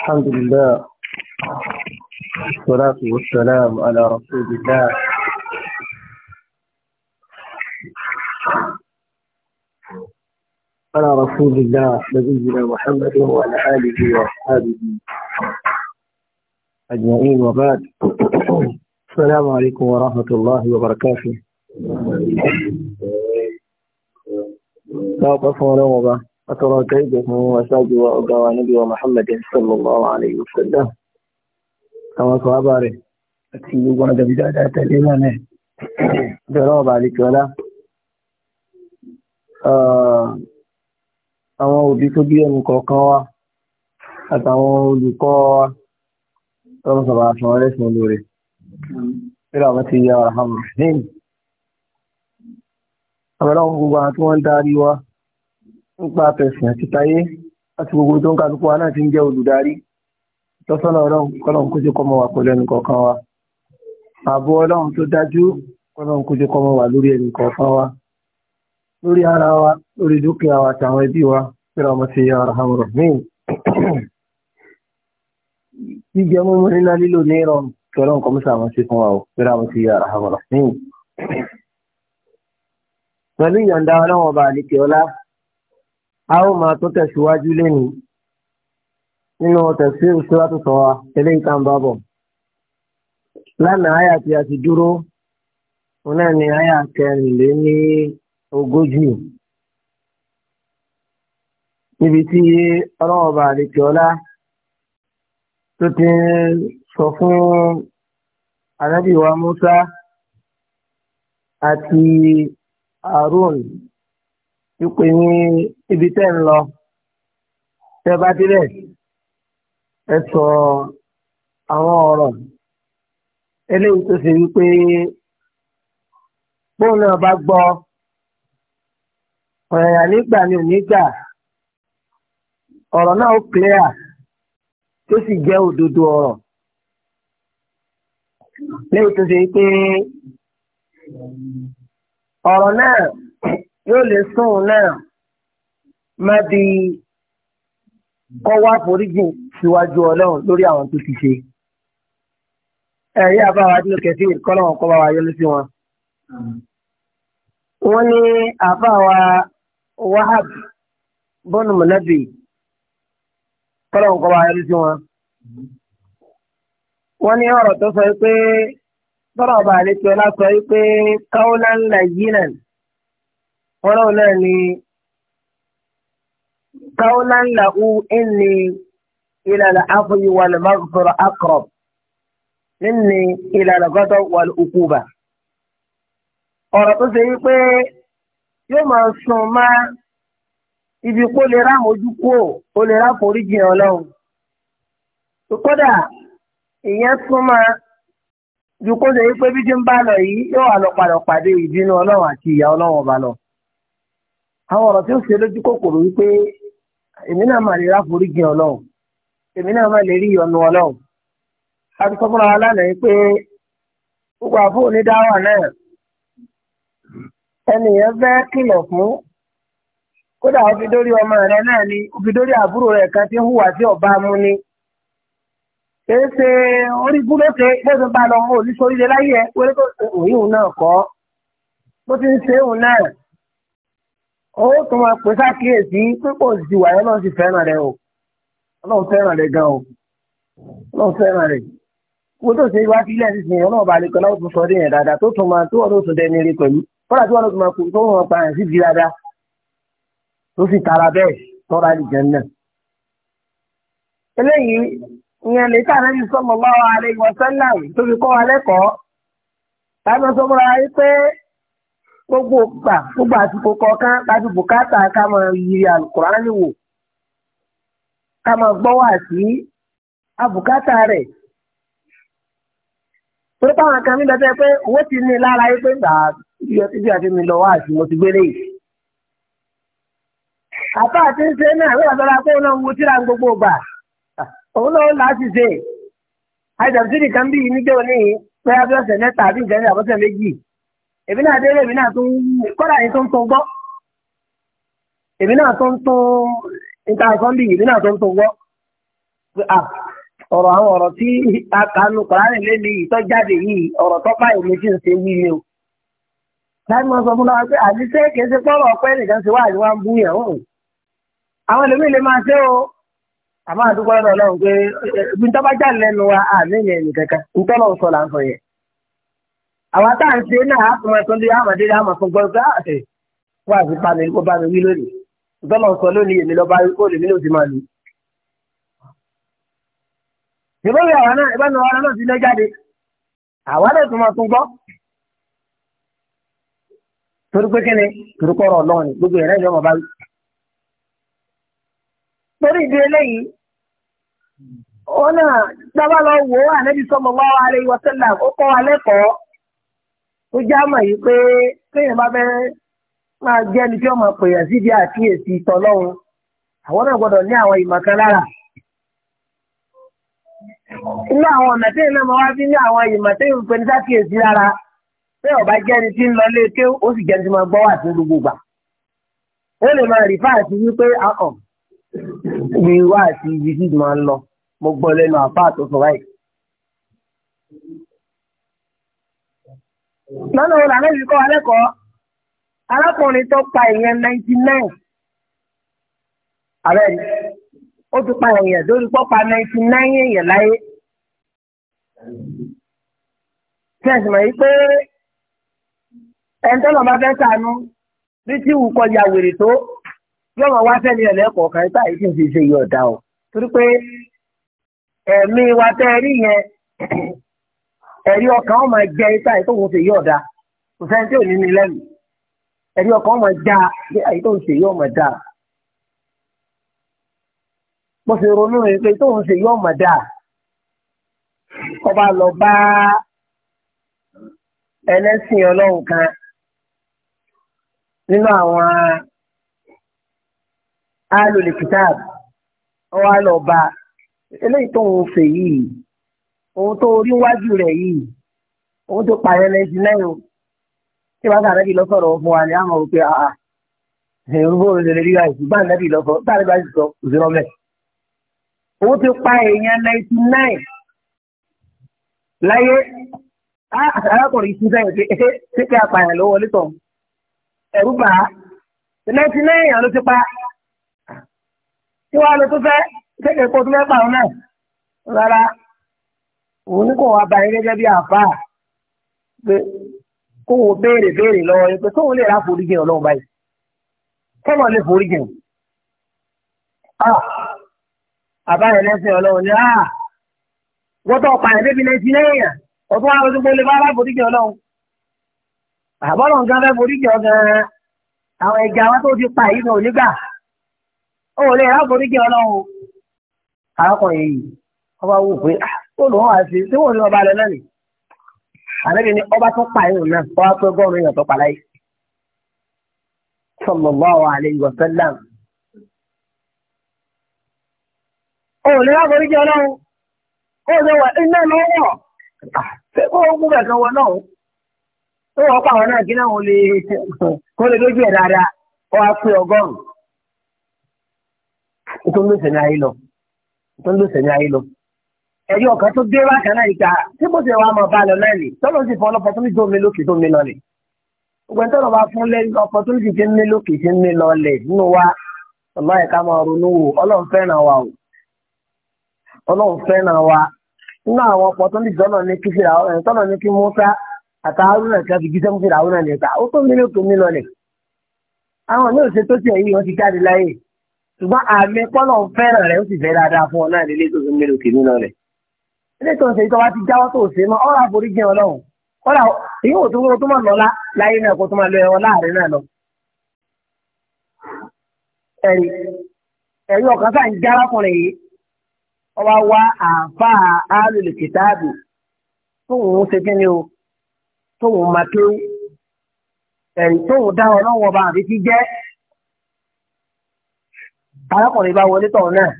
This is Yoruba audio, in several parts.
الحمد لله والصلاة والسلام على رسول الله على رسول الله نبينا محمد وعلى آله وأصحابه أجمعين وبعد السلام عليكم ورحمة الله وبركاته لا أتراكي به وساجي وأقوى نبي ومحمد صلى الله عليه وسلم كما صابري أكسي يقول أنا بداية تهليمانة جراب عليك ولا آه، أما هو بيكو بيه مكوكوا أتاو لكوا كما صباح شو عليك مدوري إلا متي يا رحمة الرحيم أما لهم قبعة وانتاري وانتاري nípa tẹ̀sìn àti tayé láti gbogbo tó ń kálukú wa náà ti ń jẹ́ olùdarí tọ́sọ́nà ọlọ́run kọ́lọ́run kó jẹ́ kọ́mọ wà pẹ̀lú ẹnì kọ̀ọ̀kan wa ààbò ọlọ́run tó dájú kọ́lọ́run kó jẹ́ kọ́mọ wà lórí ẹnì kọ̀ọ̀kan wa lórí ara wa lórí dúkìá wa àtàwọn ẹbí wa síra ọmọ sí arahamu rahmin jíjẹ mímú níná lílo ní ìrọ̀rùn kọ́lọ́run kọ́mọ́sà wọn sí fún wa o síra ọmọ sí arahamu rahmin pẹ̀lú ìyọ̀ǹda ọlọ́run ọba àlekè ọlá a ó máa tó tẹ̀síwájú lẹ́nu nínú tafsir suratu Taha eléyìí tá à ń bá bọ̀. lánàá àyà tí a ti dúró òun náà ni àyà kẹrìnléní ogójì níbi tí ọlọ́ọ̀bà àdìkíọ́lá tó ti sọ fún anábìwá Musa àti Harun ipò ní ibi tẹ́ ń lọ tẹ́ bá débẹ̀ ẹ sọ àwọn ọ̀rọ̀ eléyìí tó ṣe wípé bóun náà bá gbọ́ ọ̀rẹ́yà nígbà ni ò ní gbà ọ̀rọ̀ náà ó clear tó sì jẹ́ òdodo ọ̀rọ̀ lẹ́yìn tó ṣe pé ọ̀rọ̀ náà yóò lè sún náà má di kọ́ wá foríjìn síwájú ọlọ́run lórí àwọn tó ti ṣe. ẹ̀rí àbáwá tí ó kẹsí ìkọ́lọ́wọ́n kọ́ bá wa yọ lóṣù wọn. wọ́n ní àbáwá wahab bọ́ọ̀nù mọ̀lẹ́bí kọ́lọ́wọ́n kọ́ bá wa yọ lóṣù wọn. wọ́n ní ọ̀rọ̀ tó sọ pé tọ́rọ̀ bá àlejò ọlá sọ pé káwọn ńlá yìí náà. wọn náà náà ni قولا له إني إلى العفو والمغفرة أقرب مني إلى الغضب والعقوبة ọ̀rọ̀ tó ṣe wípé yóò máa sùn ma ibi kó lè rá mojú kúrò o lè rá foríjì ọlọ́run kódà ìyẹn sún ju kó ṣe bí ń bá lọ yìí yóò wà ọba lọ. àwọn ọ̀rọ̀ tí ó ṣe lójú kòkòrò wípé èmi náà mà lè ráforíjì ọlọ́run èmi náà mà lè rí ìyọnu ọlọ́run a ti sọ fúnra wa lánàá yìí pé gbogbo àfọ onídàáwà náà ẹnìyẹn fẹ́ kìlọ̀ fún kódà ó fi dórí ọmọ rẹ náà ni ó fi dórí àbúrò rẹ kan tí ń hùwà sí ọba mu ni kìí ṣe orí gúlókè bóṣe bá lọ òní sóríire láyé ẹ wọlé tó òyìn náà kọ́ bó ti ń ṣe òun náà ó tó máa pè sákìyèsí pípọ̀ ti wà yẹn náà sì fẹ́ràn rẹ o ọlọ́run fẹ́ràn rẹ gan o ọlọ́run fẹ́ràn rẹ wo tó ṣe wá sí ilé ẹ̀sìn ìyẹn náà balẹ̀ kan láwùjọ sọ déyẹn dáadáa tó tún máa tó wọn ló tún dẹni rí pẹ̀lú kọ́lá tí wọn ló tún máa kú tó wọn pa àyàn sí di dáadáa tó sì tara bẹ́ẹ̀ tọ́ra àlìjẹ́ náà. eléyìí ìyẹn lè tà lẹ́yìn sọ́mọ́ bá àlẹ́ ìwọ̀sán náà tó fi kọ́ wa lẹ́kọ̀ọ́ gbogbo gbà gbogbo àsìkò kọ̀ọ̀kan láti bùkátà ká máa yiri àlùkùránì wò ká máa gbọ́ wà sí àbùkátà rẹ̀ pé báwọn kan nígbà tó yẹ pé owó ti ní lára yìí pé gbà yọ títí àti mi lọ wá sí mo ti gbélé yìí. àtọ́ àti ń ṣe náà wíwà sọ́ra pé òun náà ń wo tíra gbogbo gbà òun náà láti ṣe àìsàn sí nìkan bíi níjọ́ ní pé abẹ́ọ̀sẹ̀ mẹ́ta àbí ìjẹ́ni àbọ̀sẹ̀ méjì èmi náà délé èmi náà tó ń kọ́dà yìí tó ń tó gbọ́ èmi náà tó ń tó níta sọ́ndì èmi náà tó ń tó gbọ́ ọ̀rọ̀ àwọn ọ̀rọ̀ tí akànú kọ̀láàrì lé ní yìí o láti mọ sọ fún ṣe ṣe wá ń bú yẹn o àwọn lè ṣe o àmọ́ àdúgbò pé ibi bá lẹ́nu wa àmì ìyẹn nìkankan àwọn tá à ń ṣe náà á fún ẹtọ́ lé àmọ̀dé lé àmọ̀ fún gbọ́dọ̀ àṣẹ wà á fi pa mi kó bá mi wí lónìí ìtọ́lọ̀ sọ lónìí èmi lọ́ba kó lèmi ló ti máa lù. ìbéèrè àwọn náà ìbánu àwọn náà ti lé jáde àwọn náà tún máa tún gbọ́. torí pé kíni torí kọ́ ọ̀rọ̀ ọlọ́run ni gbogbo ìrìn àjọ ọmọ bá wí. torí ìdí eléyìí ó náà wò ó ànábi sọmọ wá wa alẹ́ ìwọ ó já mọ̀ yìí pé kéèyàn bá fẹ́ máa jẹ́ ẹni tí ó máa pèèyàn síbi àkíyèsí tọlọ́run àwọn náà gbọ́dọ̀ ní àwọn ìmọ̀ kan lára. inú àwọn ọ̀nà téèyàn náà máa wá sí ní àwọn ìmọ̀ téèyàn ń pè ní sákìyèsí lára pé ọ̀bá jẹ́ ẹni tí ń lọ lé ké ó sì jẹ́ ẹni tí máa gbọ́ wà sí gbogbo gbà. ó lè máa rí fáàtì wípé akọ̀ ah, wíwá oh, àti ibi tí mo máa ń lọ mo gbọ́ lẹ́nu àfáà tó báyìí. lọ́nà wo làwọn èyí kọ́ alẹ́kọ̀ọ́ arákùnrin tó pa èèyàn ninety ààrẹ ni ó ti pa èèyàn lórí pọ́pa ninety èèyàn láyé tí mọ̀ yí pé ẹ̀ńtọ́nà bá fẹ́ sànú bí tí o torí pé ẹ̀mí wa ẹ̀rí ọkàn ọmọ ẹgbẹ́ ìta ètò òun ṣe yí ọ̀dà kò sẹ́ni tí ò ní ní lẹ́nu ẹ̀rí ọkàn ọmọ ẹja ètò òun ṣe yí ọmọ ẹja mo sì ronú rẹ̀ pé ètò òun ṣe yí ọmọ ẹja ọba lọ bá ẹlẹ́sìn ọlọ́run kan nínú àwọn alòlè kìtáàbù ọwọ́ àlọ́ ọba eléyìí tó ń ṣe yìí òun tó orí wájú rẹ̀ yìí òun tó pààyàn lẹ́sí náà o tí wọ́n sàrẹ́ bí lọ́sọ̀rọ̀ fún wa ni àwọn òkè àà ìrúbó òrèlè rí àìsí bá nàbí lọ́sọ̀ bá nàbí àìsí sọ òṣèré ọmọ ẹ̀. òun ti pa èèyàn ninety nine láyé arákùnrin ti sẹ́yìn pé ṣé kí apààyàn ló wọlé tán ẹ̀rú bà á ninety nine yàn ló ti pa tí wọ́n lọ tó fẹ́ kékeré kó tó fẹ́ pààrọ̀ náà rárá òun ní kò wá ba yín gẹ́gẹ́ bí àfà pé kó o béèrè béèrè lọ́wọ́ yín pé tóun lè ra foríjìn ọlọ́run báyìí kọ́mọ lè foríjìn ah! àbáyọ̀ lẹ́sìn ọlọ́run ni ah! wọ́n tọ́ ọ̀pá ẹ̀ débi lẹ́sìn lẹ́yìn ọ̀tún wa lọ́sí pé bá bá foríjìn ọlọ́run àbọ̀lọ̀ nǹkan fẹ́ foríjìn ọ̀gán àwọn ẹja wa tó ti pa yìí ní onígbà ó lè ra foríjìn ọlọ́run arákùnrin yìí wọ́n bá wù pé ah tó lòun wá sí tí wọn ò ní ọba rẹ náà nì àlẹ́bí ni ọba tó pa ẹ̀yìn náà ọba tó gbọ́n èèyàn tó paláyé sallallahu alayhi wa sallam. ó lè wá forí jẹ ọlọ́run ó lè wà iná lọ́wọ́ ah, ṣé kó o gbúgbà kan wọ náà ó wọ́n pa àwọn náà kí náà wọ́n lè kó lè lójú ẹ̀ dáadáa ó wá pé ọgọ́rùn-ún. nítorí ló ayé lọ nítorí ló sẹ̀ ayé lọ ẹ̀rí ọkàn tó dé wákàn náà níta tí mo sì wá mọ̀ bá lọ náà nì tọ́lọ́ sì fún ọlọ́pàá tó ní tó mi lókè tó mi lọ nì. gbogbo ẹni tọ́lọ́ bá fún lẹ́yìn ọkọ̀ tó ní ti mi lókè ti mi lọ lẹ̀ nínú wa ọ̀la ẹ̀ka máa ronú wò ọlọ́run fẹ́ràn wa o ọlọ́run fẹ́ràn wa nínú àwọn ọkọ̀ tó ní tọ́lọ̀ ní kí fìrà ọ̀rẹ́ tọ́lọ̀ ní kí Musa àtàrúnà ọ̀rẹ́ nìta ilé tó ń ṣe ìtọ́wá ti jáwọ́ tó ṣe mọ́ ọ̀rọ̀ àforíjì ọlọ́run kọ́lá èyí ọla tún tó máa lọ́lá láyé náà kó tó máa lọ ẹ̀wọ̀n láàrin náà lọ. ẹ̀rí ẹ̀rí ọ̀kan sáà ń já arákùnrin yìí wọ́n wá wá àáfàá alùlù kìtáàbù tóun ṣe kí ni o tóun máa ké ẹ̀rí tóun dá ọba àbí jẹ́ bá wọlé tọ̀ náà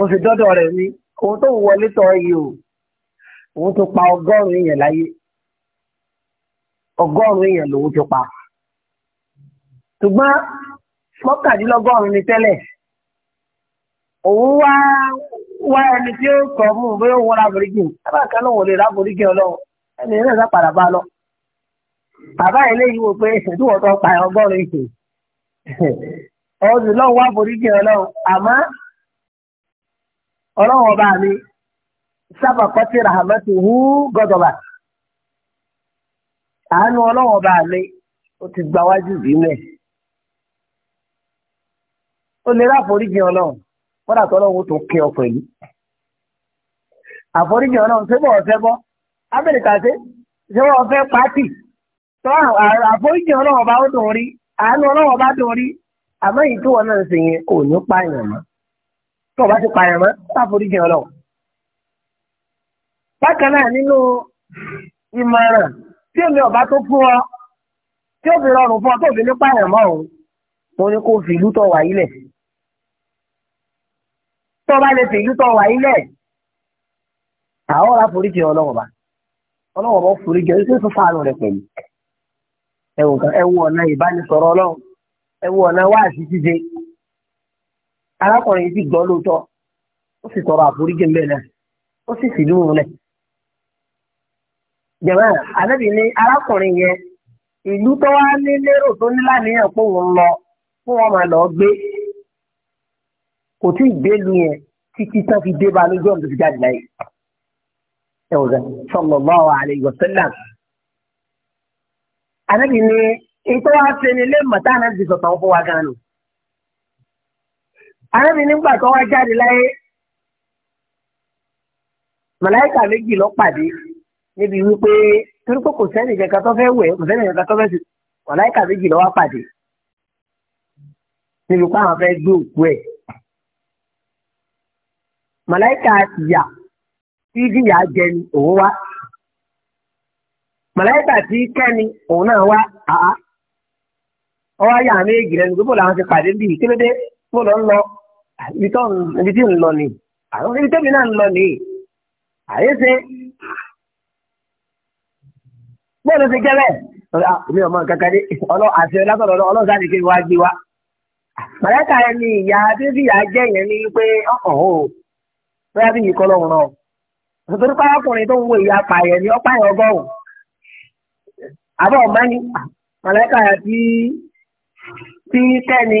ó sì òun tó wọlé tọ iye o òun tó pa ọgọ́rùn-ún láyé ọgọ́rùn-ún lòun tó pa ṣùgbọ́n mọ́kàndínlọ́gọ́rùn ni tẹ́lẹ̀ òun wá wá ẹni tí ó kọ̀ mú un bóyá òun ráforíjì ẹ̀bá kan lóun ò lè ráforíjì ẹni náà sá padà bá lọ bàbá eléyìí wò pé ìṣèdúwọ̀ tó pa ọgọ́rùn-ún ọdún lọ́wọ́ wá foríjì ọlọ́run àmọ́ ọlọ́run ọba mi sábà kọ́tí rahamatu hu àánú ọlọ́run ọba mi ó ti gba wájú bí mẹ́ ó lè rá àforíjì ọlọ́run wọ́n dàtọ́ ọlọ́run tó kí ọ pẹ̀lú àforíjì ọlọ́run ṣé bọ́ ọ̀fẹ́ bọ́ amẹ́ríkà ṣe ṣé wọ́n ọ̀fẹ́ tó àforíjì ọlọ́run ọba ó dùn rí àánú ọlọ́run ọba dùn rí àmọ́ náà yẹn tó bá ti pààyàn mọ́ sáforí jẹ ọlọ́wọ́. bákan náà nínú ìmọ̀ràn tí èmi ọba tó fún ọ tí ó rọrùn fún ọ tó fi ní pààyàn mọ́ òun ní kó fi ìlú tọ̀ tó bá lè fi ìlú tọ̀ wáyé lẹ̀ àwọn bá ọlọ́wọ́ bá tó fàánù rẹ pẹ̀lú. ẹ̀wù ọ̀nà ìbánisọ̀rọ̀ ẹ̀wù ọ̀nà wáàsí ṣíṣe. arákùnrin yìí sì gbọ́ lóòótọ́ ó sì tọrọ àforíjì ńbẹ náà ó sì sì dúró lẹ̀. jẹ̀mọ́ àlẹ́bí ni arákùnrin yẹn ìlú tó wá ní lérò tó ní láníyàn pé òun lọ kó wọn máa lọ gbé kò tí ì gbélu yẹn títí tán fi dé ba lójú ọ̀nà tó jáde láyé. ẹ wò sẹ́n sallallahu alaihi wasallam. àlẹ́bí ni ètò wa lé mọ̀tá náà ti sọ̀tàn fún wa gan-an àrẹ́mi nígbà tó wá jáde láyé màláìkà méjì lọ pàdé níbi wípé torí pé kò sẹ́ni kankan tó fẹ́ wẹ̀ kò sẹ́ni kankan tó fẹ́ sùn lọ wá pàdé níbi pé àwọn fẹ́ gbé òkú ẹ̀ màláìkà ìyà tí ìyà jẹ ni wá tí kẹ́ni òun náà wá àá ọwọ́ ayé àmì làwọn ti pàdé bíi kí ló lọ ibi tó ń ibi tí ń lọ I àwọn ibi tẹ́mi náà ń lọ ni àyè ṣe bẹ́ẹ̀ ló ṣe jẹ́ bẹ́ẹ̀ ah, mi ò mọ kankan ní ọlọ́ àti ọlọ́sọ̀rọ̀ ọlọ́sà ni kí n wá gbé wa. Màláka yẹn ni ìyá tó fi ìyá jẹ́ yẹn ni pé ọ̀hún o bóyá bí yìí kọ́ lọ́hùn náà. Nítorí pé ọkùnrin tó ń wo ìyá pa yẹn ni ọ̀pá yẹn ọgọ́rùn-ún. Àbọ̀ ọ̀ma ni màláka yẹn ti ti kẹ́ni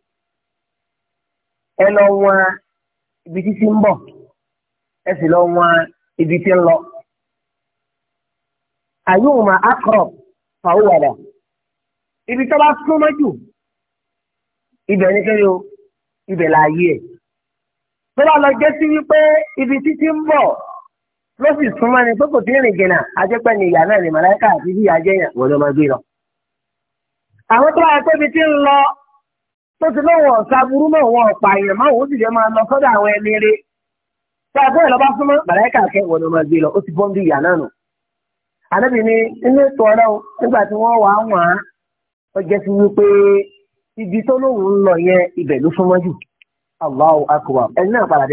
ẹ lọ wọn ibi títí ń bọ̀ ẹ sì lọ wọn ibi tí ń lọ. àyùmọ̀ akọ̀rọ̀ fàwọ̀dà ibi tó bá súnmọ́ jù ibẹ̀ ní kẹ́lẹ́ o ibẹ̀ láàyè ẹ̀. tó bá lọ jẹ́ sí wípé ibi títí ń bọ̀ ló sì súnmọ́ ni pé kò tí ì rìn jìnnà ajẹ́pẹ́ ni ìyá náà ni màláìka àti ìyá jẹ́yàn wọ́n ló gbé lọ. àwọn tó bá yẹ pé ibi tí ń lọ tó ti lọ́wọ́ ọ̀sá burú náà wọ́n ọ̀pá èèyàn máa wò ó sì jẹ́ máa lọ sọ́dọ̀ àwọn ẹni rẹ̀ tá a bẹ́ẹ̀ lọ bá súnmọ́ bàláìkà kẹwọ́n ni wọ́n gbé lọ ó ti bọ́ ń bí ìyá o nígbà tí wọ́n á jẹ́ sí wípé ibi tó lóun ń lọ yẹn ibẹ̀ ló súnmọ́ jù ẹni náà padà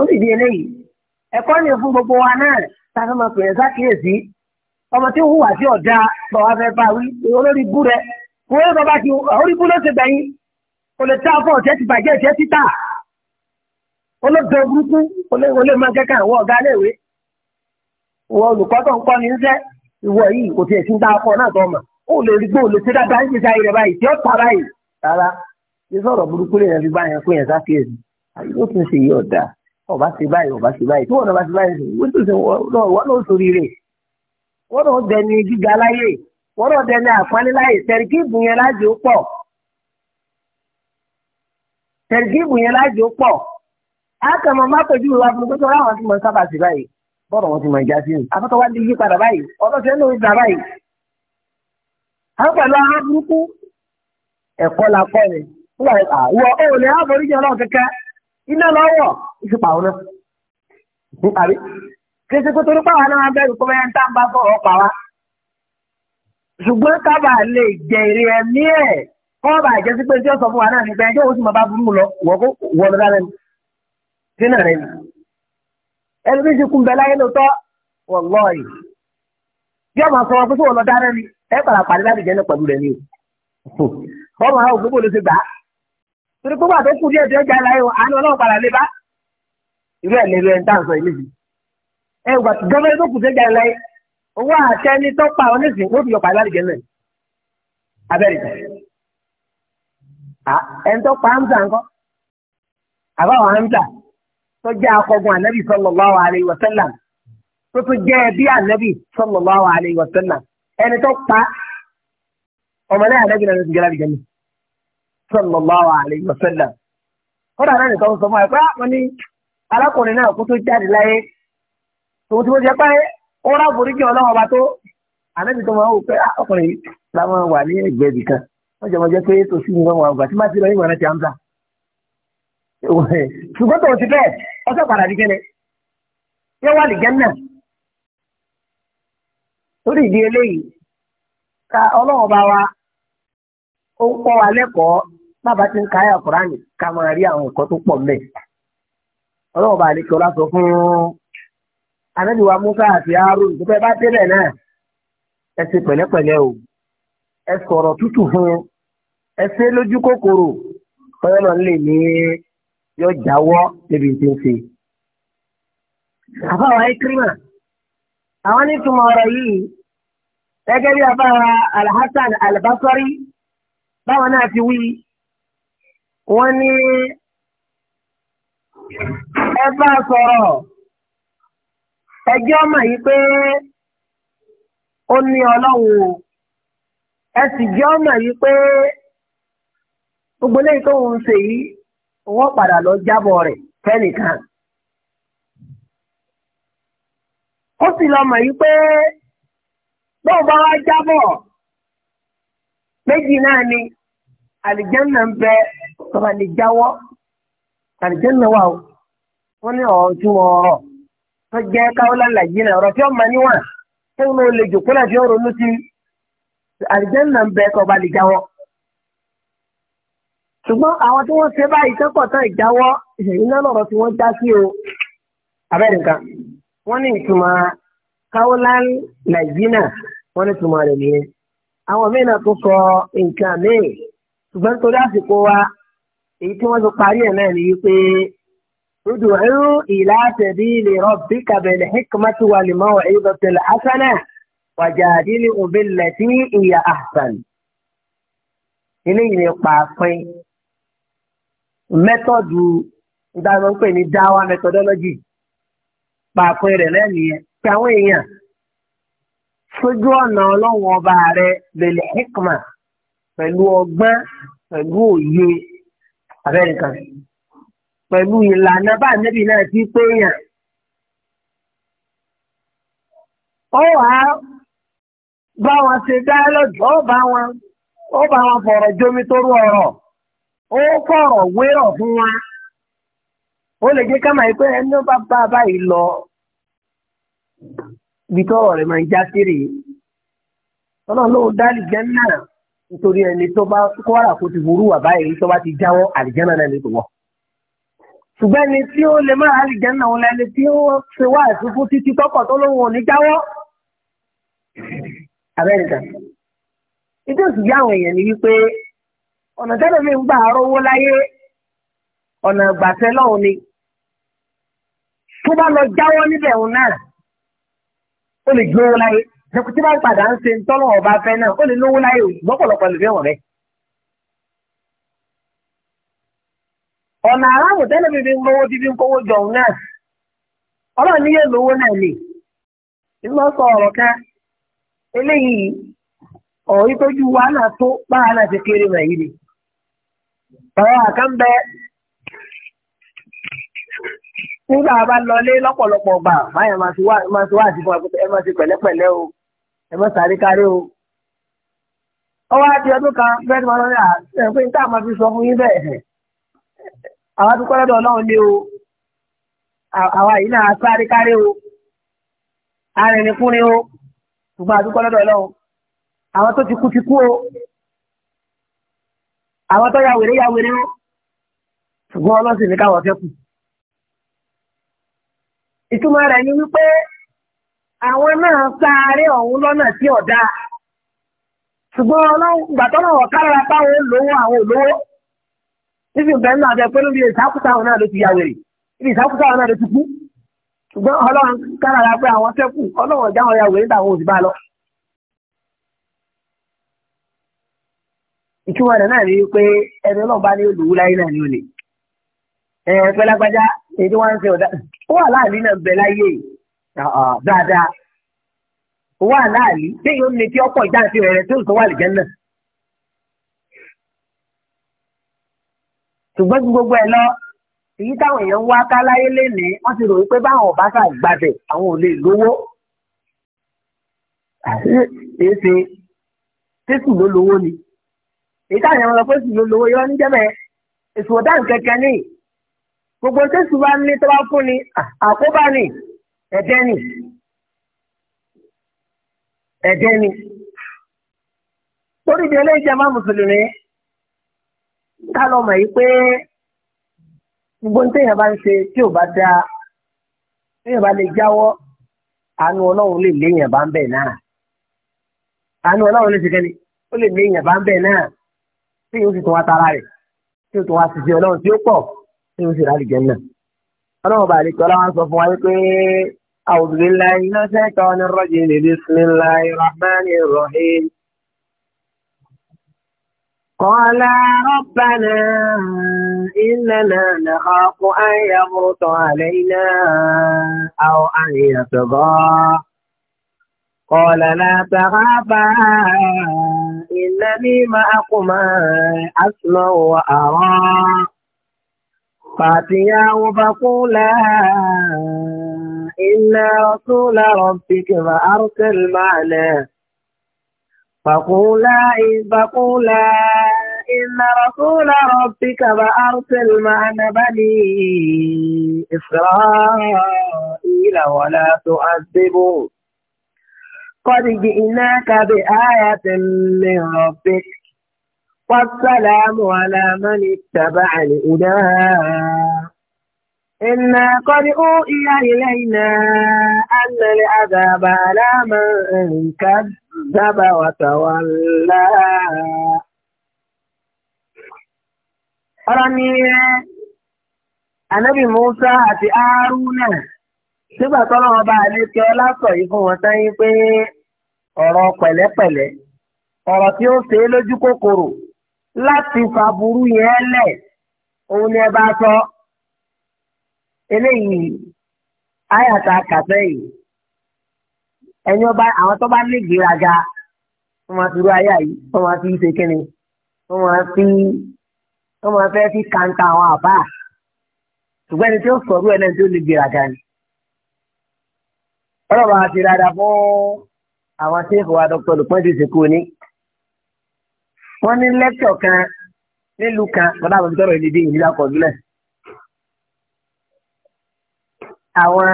ó sì gbogbo wa náà tá a fẹ́ máa pè é sákìyèsí ọmọ tí ó hùwà sí ọ̀dà wọ́n yóò bàbá ti orí bú ló ṣe gbẹ̀yìn kò lè tá fún ọ̀tẹ́ ti bàjẹ́ ẹ̀tẹ́ títà olóògbé burúkú olè máa kẹ́kẹ́ àwọn ọ̀gá léèwé ìwọ olùkọ́ tó ń kọ́ ní iṣẹ́ ìwọ yìí kò tiẹ̀ sí ń dáa fún ọ náà tó mọ̀ ó lè rí gbóòlù sí dáadáa ní ìgbésí ayé rẹ̀ báyìí tí ó ta báyìí rárá ní sọ̀rọ̀ burúkú lè rí báyẹn pé yẹn sáfìyèsí yóò tún ṣe yí ọ̀dà ọba ṣe báyìí ọba ṣe báyìí tí wọn náà bá ṣe báyìí wọn náà sórí rẹ̀ wọ́rọ̀ dẹni àpọ́nláyè tẹ̀rígìbù yẹn lájò pọ̀ tẹ̀rígìbù yẹn lájò pọ̀ àkàmọ́ má pẹ̀jú fún tó àwọn tí mo ń sábà sí báyìí bọ́rọ̀ wọn ti mọ̀ ìjà sí mi afọ́tọ́ wá di yí padà báyìí ọ̀dọ́ báyìí. la kọ́ ni ṣùgbọ́n kábà lè jẹ èrè ẹ̀mí ẹ̀ kọ́ọ̀bà ìjẹ́ sí pé tí ó sọ fún wa náà nípa ẹjọ́ òun sì máa bá burú lọ wọ́kọ́ wọ́n lọ dára ẹni tí náà rẹ̀ ni. ẹni bí ṣe kún bẹ láyé lóòótọ́ wọ́n lọ yìí. bí ọmọ sọ wọn pé tí wọ́n lọ dára ẹni ẹ padà pàdé láti jẹ́ náà pẹ̀lú rẹ̀ ni o. ọmọ àwọn òṣèlú ló ṣe gbà á. torí pé wà tó kù díẹ̀ díẹ̀ já láyé o àánú ọlọ́run padà lé bá. ìlú ẹ̀ lè owó àṣẹ ni tó pa ọ nísìnyí ló fi yọ pàdé àdìgẹ́ náà abẹ́rẹ́ ìgbà ẹni tó pa Hamza ńkọ́ àbáwọ̀ Hamza tó jẹ́ akọgun ànábì sallallahu alaihi wa sallam tó tún jẹ́ ẹbí ànábì sallallahu alaihi wa sallam ẹni tó pa ọmọ náà ànábì náà ló fi yọ àdìgẹ́ náà sallallahu alaihi wa sallam náà nìkan sọ fún ẹ pé àwọn ah, ní alákùnrin náà kó tó jáde láyé tòun tí mo jẹ pé ó rà boríkì tó ànábì tó máa ń wò pé ah, ọkùnrin làwọn wà ní ẹgbẹ́ ibì kan wọ́n jẹ́ wọ́n jẹ́ pé tòsí wọ́n wà ọgbà tí ti lọ ṣùgbọ́n tó ti bẹ́ẹ̀ ọsẹ padà di kẹlẹ yẹ wà lè gẹ́nà lórí ìdí eléyìí ka ọlọ́run wa ó ka ayà ká máa rí àwọn nǹkan tó ànábì wa Musa àti Harun tó fẹ́ bá débẹ̀ náà ẹ ṣe pẹ̀lẹ́pẹ̀lẹ́ o ẹ sọ̀rọ̀ tútù fún un ẹ ṣe lójú kòkòrò tọ́yọ́ náà lè ní yọ jáwọ́ níbi tí ń ṣe. àfáwà Ikrima àwọn nítumọ̀ ọ̀rọ̀ yìí gẹ́gẹ́ bí àfáwà Al-Hasan Al-Basri báwọn náà ti wí wọ́n ní ẹ bá sọ̀rọ̀. ẹjọ́ mọ̀ yìí pé ó ní ọlọ́run o ẹ jọ́ mọ̀ yìí pé gbogbo lẹ́yìn tó ń ṣe yìí wọ́n padà lọ jábọ̀ rẹ̀ ó sì lọ mọ̀ yìí pé bóun bá wá jábọ̀ méjì náà ni àlìjẹ́nà ń bẹ tọ́ba lè jáwọ́ àlìjẹ́nà wà ó wọ́n ní ọ̀ọ́dún tó jẹ́ káwọ́lá làyè náà ọ̀rọ̀ tí ó máa níwọ̀n tó ń lò lè jòkó láti ọ̀rọ̀ ló ti àlìjẹ́nà ń bẹ kọ́ ba lè jáwọ́. ṣùgbọ́n àwọn tí wọ́n ṣe báyìí tó pọ̀ tán ìjáwọ́ iná lọ̀rọ̀ tí wọ́n já sí o abẹ́rẹ́ nǹkan wọ́n ní ìtumọ̀ káwọ́lá làyè wọ́n ní ìtumọ̀ rẹ̀ nìyẹn. àwọn míì náà tún sọ nǹkan míì ṣùgbọ́n torí àsìkò wa èyí tí wọ́n ti parí ẹ̀ náà ni wípé ادعوا إلى سبيل ربك بالحكمة والموعظة الحسنة وجادلوا بالتي هي أحسن eléyìí pàápín mẹ́tọ́dù ìdáná ń pè ní dáwà methodology pàápín rẹ̀ náà nìyẹn tí àwọn èèyàn sójú ọ̀nà ọlọ́run ọba rẹ̀ lèlè hikma pẹ̀lú ọgbọ́n pẹ̀lú òye abẹ́rẹ́ kan pẹ̀lú ìlànà bá nẹ́bì náà ti pé yàn. Ó wà á bá wọn ṣe dáálọ́jì, ó bá wọn, ó bá wọn fọ̀rọ̀ jómi tórú ọ̀rọ̀, ó fọ̀rọ̀ wérọ̀ fún wa. Ó lè jẹ́ kámà pé ẹni bá bá báyìí lọ. Ibi tọ́rọ̀ máa ń já kiri. Ọlọ́run ló dá àlìjẹ́n náà nítorí ẹni tó bá kọ́ra kó ti burú wà báyìí tó bá ti jáwọ́ àlìjẹ́n náà lẹ́nu tó ṣùgbọ́n ẹni tí ó lè máa àlìjẹ́ náà wọn lẹni tí ó ṣe wá ìfúnfú títí tọkọ̀ tó lóun ò ní jáwọ́. Amẹ́ríkà ìdí òsì yá àwọn èèyàn ni wípé ọ̀nà tẹ́lẹ̀ mi ń gbà rówó láyé ọ̀nà ìgbàsẹ́ lọ́hùn ni tó bá lọ jáwọ́ níbẹ̀ òun náà ó lè gbé owó láyé tí bá ń padà ń ṣe tọ́lọ̀ ọba ọ̀nà na tẹ́lẹ̀ bíbí ń gbówó bíbí ń kówó jọ̀ọ́ náà na ní yóò lówó náà lè ìgbọ́ sọ ọ̀rọ̀ ká eléyìí ọ̀rọ̀ ìtọ́jú wa náà tó a náà ti kéré rẹ̀ yìí ni ọ̀rọ̀ àkànbẹ nígbà bá lọlé lọ́pọ̀lọpọ̀ gbà báyà wá o ẹ o ọwọ́ àti ọdún kan bẹ́ẹ̀ ni wọ́n ẹ̀ pé níta máa àwọn adúpẹ́ lọ́dọ̀ ọlọ́run lé o àwa yìí náà sáré káré o arìnrìnkúnrin o ṣùgbọ́n adúpẹ́ lọ́dọ̀ ọlọ́run àwọn tó ti kú ti kú o àwọn tó ya wèrè ya wèrè o ṣùgbọ́n ọlọ́sìn ní káwọn fẹ́ kù. ìtumọ̀ rẹ̀ ni wípé àwọn náà sáré ọ̀hún lọ́nà tí ọ̀dà ṣùgbọ́n ọlọ́run gbàtọ́ náà wọ̀ kára báwọn olówó àwọn olówó. níbi ìbẹ̀rẹ̀ náà jẹ́ pé lórí ìsákúsá àwọn náà ló ti yàwèrè níbi ìsákúsá àwọn náà ló ti kú ṣùgbọ́n ọlọ́run kárára pé àwọn sẹ́kù ọlọ́run ọjọọ wọn yàwèrè níta àwọn òsì bá lọ. ìtumọ̀ rẹ̀ náà ni pé ẹni ọlọ́run bá ní olùwú láyé náà ni ẹ lágbájá ń ṣe ọ̀dà ó wà láàlí náà láyé dáadáa ó wà láàlí ṣùgbọ́n ju gbogbo ẹ̀ lọ èyí táwọn èèyàn wá ká láyé lénìí wọ́n ti rò wípé báwọn ọ̀bá sà gbàbẹ̀ àwọn ò lè lówó èsè tẹ́sù ló lówó ni èyí táwọn èèyàn lọ pé tẹ́sù ló lówó yọ níjẹ́bẹ̀ èsù ọ̀dà nkẹ̀kẹ́ ní gbogbo tẹ́sù bá ní tó fún ni àkóbá ni ẹ̀dẹ́ ni ẹ̀dẹ́ ni torí bí eléyìí jẹ́ máa mùsùlùmí. ká lọ mọ̀ yìí pé gbogbo ní téèyàn bá ń ṣe tí ò bá dáa téèyàn bá lè jáwọ́ àánú ọlọ́run lè léèyàn bá ń bẹ̀ náà àánú ọlọ́run lè ṣe kẹ́ni ó lè léèyàn bá ń bẹ̀ náà tí yóò sì tún wá tara rẹ̀ tí yóò tún wá ṣiṣẹ́ ọlọ́run tí ó pọ̀ sọ fún wa pé àwùjọ rọ́jìn lè bí sinmi قال ربنا إننا نخاف أن يغرط علينا أو أن يطغى قال لا تخافا إنني معكما أسمع وأرى فأتياه فقولا إنا رسول ربك فأرسل معنا فقولا فقولا إن رسول ربك فأرسل معنا بني إسرائيل ولا تؤذبوا قد جئناك بآية من ربك والسلام على من اتبع الهدى إنا قد أوحي إلينا أن العذاب على من كذب كذب وتولى ọ̀rọ̀ ni anábì musa àti Aruna. nígbà tọ́lọ́ wọn bá àlékè ọlásọ yìí fún wọn sáyé pé ọ̀rọ̀ pẹ̀lẹ́pẹ̀lẹ́ ọ̀rọ̀ tí ó ṣe é lójú kòkòrò láti fàbùrú yẹn lẹ̀ òun ni ẹ bá sọ eléyìí ayàtà kàfẹ́ yìí ẹni ọba àwọn tó bá lè gbéraga wọ́n máa fi rú ayé yìí wọ́n máa fi ṣe kíni wọ́n máa fi wọ́n máa fẹ́ fi kàńtà àwọn àbá ṣùgbọ́n ẹni tí ó sọ̀rọ̀ ẹ̀ náà tí ó lè gbéraga ni. ọlọ́run àti dáadáa fún àwọn sèkò wa dr olùpọ́n ti sèkò ní. wọ́n ní lẹ́kṣọ̀ kan nílùú kan bọ́dá àwọn ìjọba ìdíje ìlú àkọ́júlẹ̀. àwọn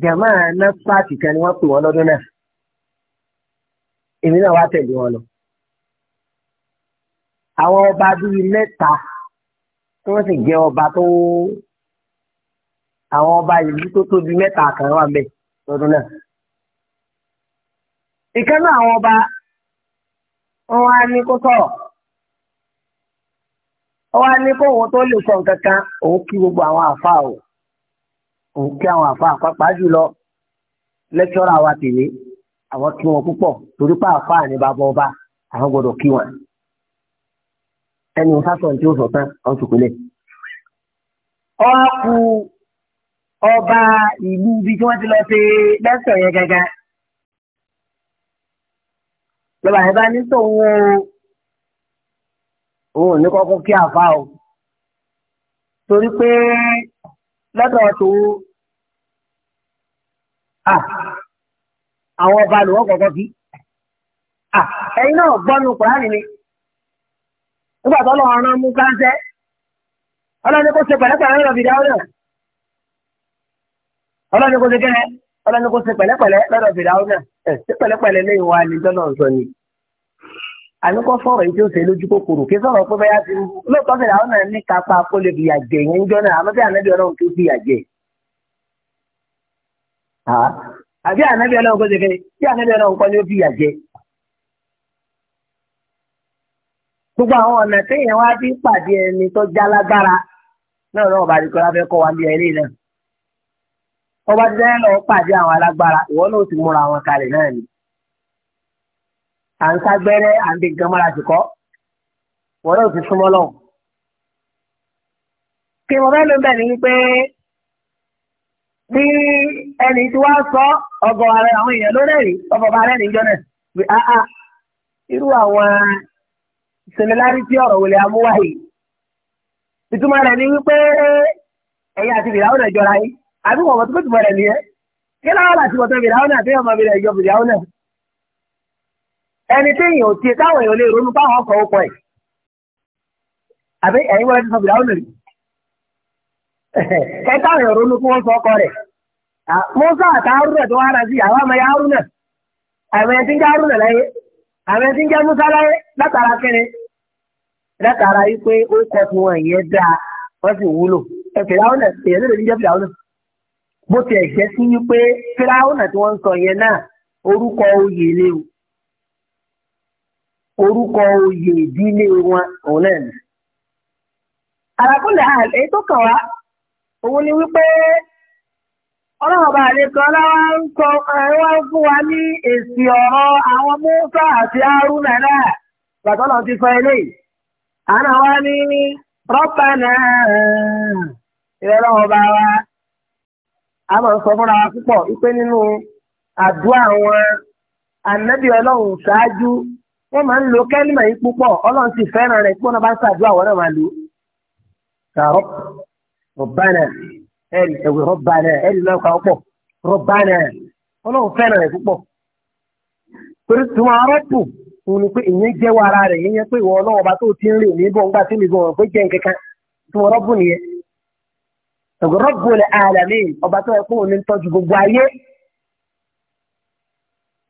jàmá NAFDAC kan ni wọ́n pè wọ́n lọ́dún náà èmi náà wá tẹ̀lé wọn lọ. àwọn ọba bíi mẹ́ta tí wọ́n sì jẹ́ ọba tó àwọn ọba ìlú tó tóbi mẹ́ta kan wà ńbẹ̀ lọ́dún náà. ìkan náà àwọn ọba wọn á ní kó sọ̀rọ̀ wọn á ní kó òun tó lè sọ nǹkan kan òun kí gbogbo àwọn àfa o òun kí àwọn àfa àpapà jùlọ lẹ́kítọ́rà wa tèlé àwọn kí wọn púpọ̀ torí pé àfa ní bàbá ọba àwọn gbọdọ̀ kí wọn. ẹni sásọ̀n tí ó sọ tán ọ̀hún sùkúlẹ̀. ọ̀pù ọba ìlú ibi tí wọ́n ti lọ ṣe lẹ́sọ̀ yẹn gẹ́gẹ́. lọ́ba yẹn bá ní sóun o òun ò ní kọ́kọ́ kí àfa o torí pé lọ́dọ̀ tó àwọn ọba lò wọ́n kọ̀ọ̀kan kí ẹ̀yin náà gbọ́nu kùránì ni nígbà tó lọ́wọ́ ọ̀nà mú káńsẹ́ ọlọ́ni kò ṣe pẹ̀lẹ́pẹ̀lẹ́ lọ́dọ̀ fìdáwọ́ náà ọlọ́ni kò ṣe kẹ́rẹ́ ọlọ́ni kò ṣe pẹ̀lẹ́pẹ̀lẹ́ lọ́dọ̀ fìdáwọ́ náà ẹ̀ ṣe pẹ̀lẹ́pẹ̀lẹ́ lẹ́yìn wa ni jọ́nà ọ̀sán ni àníkọ́ sọ̀rọ̀ yìí tí ó ṣe lójú kòkòrò kí sọ̀rọ̀ pé bẹ́yà ti lóòótọ́ fẹ̀rẹ̀ àwọn náà ní kápá kó lè fi yàjẹ́ yẹn ń jọ́nà àmọ́ bí ànábì ọlọ́run tó fi yàjẹ́ àbí ànábì ọlọ́run kó ṣe fẹ́ bí ànábì ọlọ́run kọ́ ni ó fi yàjẹ́. gbogbo àwọn ọ̀nà téèyàn wá bí pàdé ẹni tó já lágbára náà náà ọba àdìgbò láfẹ́ kọ́ wa bí ẹlé náà ọba dídá à ń ságbẹ́rẹ́ à ń di nǹkan mọ́ra jùkọ́ wọ́n yóò ti súnmọ́ lọ́wọ́. kí mo fẹ́ ló ń bẹ̀ ni wípé bí ẹni tí wọ́n sọ ọgọ́ ara àwọn èèyàn ló rẹ̀rí ọgọ́ ọba rẹ̀ níjọ́ náà bí áá ah, ah, irú àwọn similarity ọ̀rọ̀ wòlé amúwáyé ìtumọ̀ rẹ̀ ni wípé ẹ̀yà àti ìdáwọ̀ náà jọra yìí àbí wọ́n mọ̀ tó tó tùmọ̀ rẹ̀ nìyẹn kí láwọn àti wọ́n náà àti ìyọ̀mọ̀ náà ẹni tí èèyàn ò tiẹ̀ táwọn èèyàn lè ronú báwọn ọkọ̀ ọkọ̀ ẹ̀ àbí ẹ̀yin wọlé ti sọ bìlà ọ̀nà rí ẹ táwọn èèyàn ronú kí wọ́n sọ ọkọ̀ rẹ̀ mọ́sá àtàrú rẹ̀ tó wá sí àwọn ọmọ ya arúnà àwọn ẹni tí ń musa láyé látara kẹrin látara yìí pé ó yẹn wọ́n sì wúlò èèyàn lè ní jẹ́ bó orúkọ oyè ìdílé wọn òun náà ni. àràkúnlẹ̀ àlẹ́ èyí tó kàn wá òun ni wípé ọlọ́run ọba àlekọ́ láwa ń kọ ẹ̀wá eh, ń fún wa ní èsì ọ̀rọ̀ àwọn Mùsá àti Haruna náà bàtọ́ náà ti sọ eléyìí. àná wa ní rọ́pà náà ìrẹ́lẹ́ ọba wa a máa ń sọ fúnra wa púpọ̀ wípé nínú àdúrà àwọn ànábì ọlọ́run ṣáájú wọ́n máa ń lo kẹ́límà yìí púpọ̀ ọlọ́run sì fẹ́ràn rẹ̀ pé wọ́n bá ń ṣàdúrà wọ́n náà máa lò ó. kàrọ́ rọ̀bánà ẹ̀rì ẹ̀wẹ̀ rọ̀bánà ẹ̀rì náà kà ó pọ̀ rọ̀bánà ọlọ́run fẹ́ràn rẹ̀ púpọ̀. torí òun ni pé ìyẹn jẹ́ wàrà rẹ̀ yẹn pé ìwọ ọlọ́wọ́ bá tó ti ń rè ní bọ̀ ńgbà mi gan ọ̀rọ̀ pé jẹ́ nkankan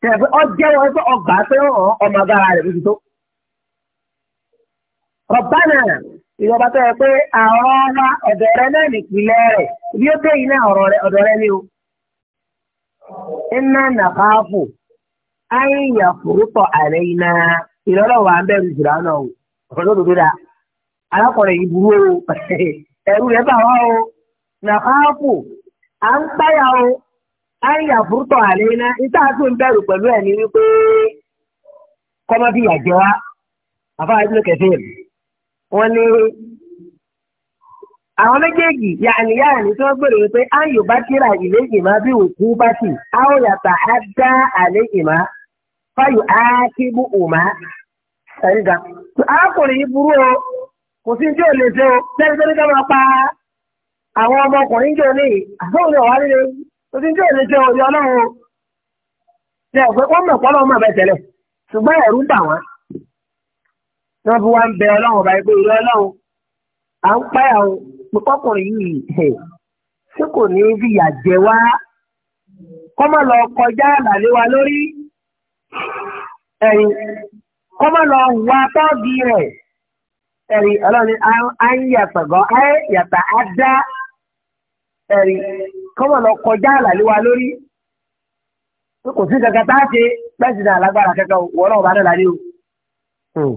tẹ̀fẹ́ ọjẹ́ wọn pé ọgbà pé ọmọ agbára rẹ̀ lójú tó. Rabbana ìjọba tó yẹ pé àwọn ọlá ọ̀dọ̀ rẹ náà nìpínlẹ̀ rẹ̀ bí ó ọ̀rọ̀ ọ̀dọ̀ rẹ ni o. Inna nakhafu an ń bẹ̀rù náà o ọ̀rọ̀ tó dòdò yìí burú anyị ga àlẹ́ ala ịna tó ń bẹ̀rù pẹ̀lú ẹ̀ ní wípé kọ́mọ́bí àjọ wa àfa àdúgbò kẹfẹ́ wọn ni àwọn méjèèjì yàní yàní tí wọ́n gbèrò wípé ayò bá kíra ilé ìmá bí òkú bá sì áwò yàtà á dá àlẹ́ ìmá fáyò á kí o kò sí sẹ́ni ká máa pa àwọn ọmọkùnrin ní ní ọ̀wá líle òsì tí èlé jẹ́ òye ọlọ́run ṣe ọ̀pẹ́ wọ́n mọ̀ pọ́lọ́ mọ̀ bẹ́ẹ̀ tẹ́lẹ̀ ṣùgbọ́n ẹ̀rú bà wọ́n wọ́n fi wá ọlọ́run ọba ẹgbẹ́ ìlú ọlọ́run à ń páyà o pípọ́kùnrin yìí ṣé kò ní í fìyà jẹ wá kọ́ má lọ kọjá àlàlé wa lórí ẹ̀yìn kọ́ lọ wá tọ́ọ̀gì rẹ̀ kọ́mọ̀ lọ kọjá àlàlé wa lórí kò sí kankan tá a ṣe bẹ́ẹ̀ sì ní kankan wọ́n náà láyé o hmm.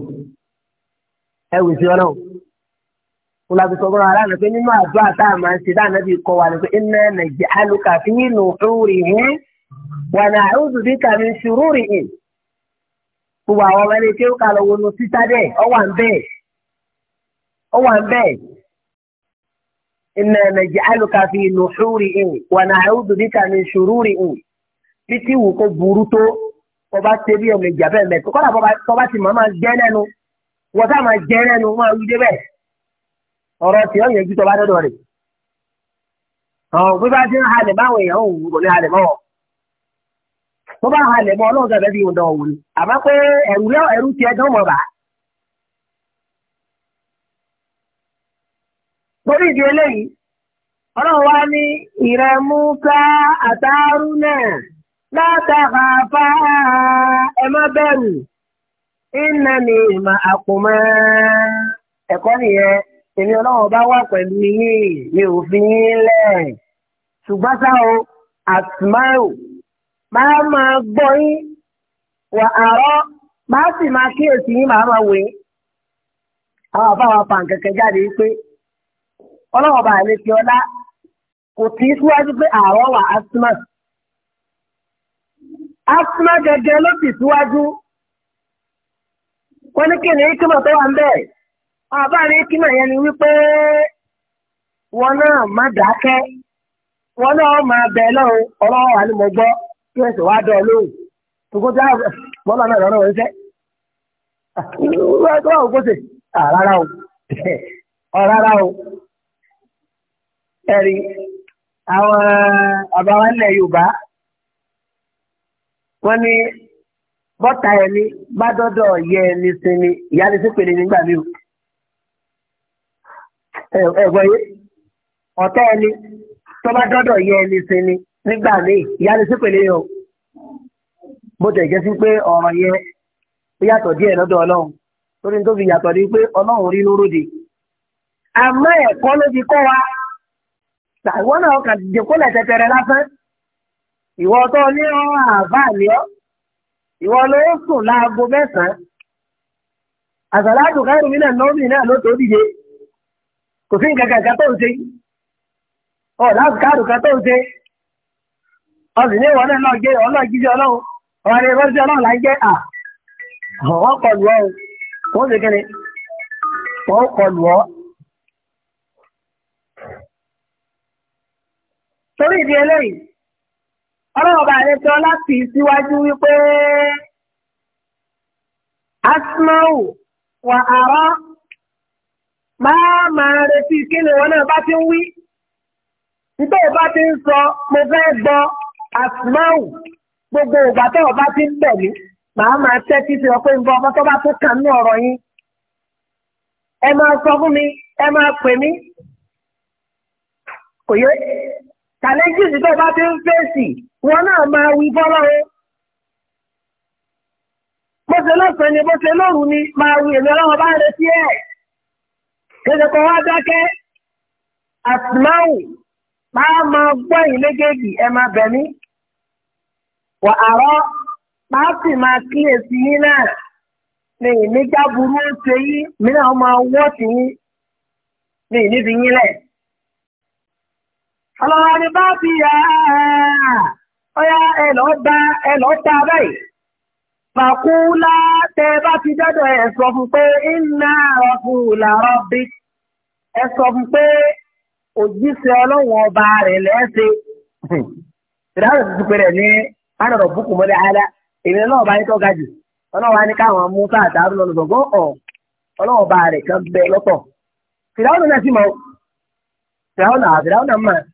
ẹ wù sí na wọ́n láti sọ aláàánú pé nínú a ń ṣe dáná bíi kọ́ wa ni pé iná nàìjíríà alùkà fi nù rúurì hẹ́ bí kàmi gbogbo àwọn ọmọ ẹni tí ó kà lọ wọnú títà ń ń iná نجعلك في nùhúrì ìn wà náà ó dùbí ká ní ṣùrúrì ìn títí wù kó burú tó ọba ṣe bí ọmọ ìjà bẹ́ẹ̀ mẹ́tò kọ́lá bọ́ba ti máa máa jẹ́ lẹ́nu wọ́n sá máa jẹ́ lẹ́nu máa wí débẹ̀ ọ̀rọ̀ tí ó yẹn jù tọ́ba dọ́dọ̀ rẹ̀ àwọn òpin ti ń halẹ̀ báwọn èèyàn òun kò ní halẹ̀ mọ́ tó bá halẹ̀ mọ́ ọlọ́run bí ìwọ̀n dán òun àmọ́ pé ẹ̀rù tiẹ̀ dán mọ́ bàá. torí ìdí eléyìí ọlọ́run wá ní ìrẹ Músà àtàrú náà látàkà fà á ẹ má bẹ̀rù iná ni ìmọ̀ àpòmọ́ ẹ̀kọ́ nìyẹn èmi ọlọ́run bá wà pẹ̀lú yín mi ò yín lẹ̀ ṣùgbọ́n sá o àtìmáyò máa máa gbọ́ yín wà àárọ̀ máa sì máa kíyèsí yín máa máa wò yín àwọn àbáwọn pa jáde wípé. ọlọ́wọ́ bá lè fi ọlá kò tí síwájú pé àárọ̀ wà asma asma gẹ́gẹ́ ló sì síwájú wọ́n tó wà ń bẹ̀ ọba ní yẹn ni wípé wọn náà má dákẹ́ wọn náà máa bẹ ọlọ́wọ́ wà ní mo gbọ́ kí ẹ̀sìn wá bẹ̀ lóhùn tòkó tí wọ́n náà ṣẹ́ wọ́n tó wà ó o. ẹ̀rí àwọn bàbá wa nílẹ̀ Yorùbá wọ́n ní bọ́tà ẹni bá dọ́dọ̀ yẹ ẹni sinmi ìyá ni sípèlè nígbà o ẹ̀gbọ́n yé Ọ̀tọ́ ẹni tó bá dọ́dọ̀ yẹ ẹni sinmi nígbà mi ìyá ni sípèlè o tẹ̀ jẹ́ sí pé ọ̀rọ̀ yẹ yàtọ̀ díẹ̀ lọ́dọ̀ Ọlọ́run ìwọ náà kàn jẹ́kọ́lẹ̀ tẹ́tẹ́rẹ́ lásán ìwọ tó ní ọ̀hún àǹfààní ọ ìwọ ló sùn láago mẹ́sàn-án àsàlátù káyọ̀ mi náà nọ́ọ̀mì náà ló tó dìde kò sí nǹkan kankan tó ń ṣe ọ̀ láti káàdù kan tó ń ṣe ọ̀sìn ní ìwọ náà gé ọlọ́run ọ̀rọ̀ ni ìrọ́sí ọlọ́run láì jẹ́ à ń ṣe torí ìdí eléyìí ọlọ́wọ́ bá rẹ̀ sọ láti síwájú wípé asmau wà àárọ̀ máa máa retí kí ni wọn náà bá ti ń wí nígbà tó bá ti ń sọ mo fẹ́ gbọ́ asmau gbogbo ìgbà tó o ti ń bẹ̀ mí màá máa tẹ́tí sí ọ pé ń bọ ọmọ tó bá tún kà nínú ọ̀rọ̀ yín ẹ máa sọ fún mi ẹ máa pè mí kò yẹ challenges tó bá ti ń fèsì wọn náà máa wí fọ́lọ́ o bó ṣe lọ́sàn-án ni bó ṣe lóru ni máa wí èmi ọlọ́wọ́ bá ń retí ẹ̀ kéde kan wá dákẹ́ àtìmáwù máa máa gbọ́ yìí méjèèjì ẹ máa bẹ̀ mí wà àárọ̀ máa sì máa kíyèsí yín náà ní ìníjà burú ó ṣe yín mí náà máa wọ́ sí yín ní ìníbi yín lẹ̀. ọlọ́wà ni bá ti yà ọya ẹlọ́ta báyìí fàkúlá tẹ bá ti dọ́dọ̀ ẹ fún pé iná ọkùnlá rọ́bí ẹ fún pé ọba rẹ̀ lẹ́ẹ̀ṣẹ́ ìdáhùn ti pè ní ánàrọ̀ mọ́lẹ̀ ara èmi náà tó ga jù ni káwọn mú sáàtà àrùn ọba rẹ̀ kan lọ́tọ̀ náà sì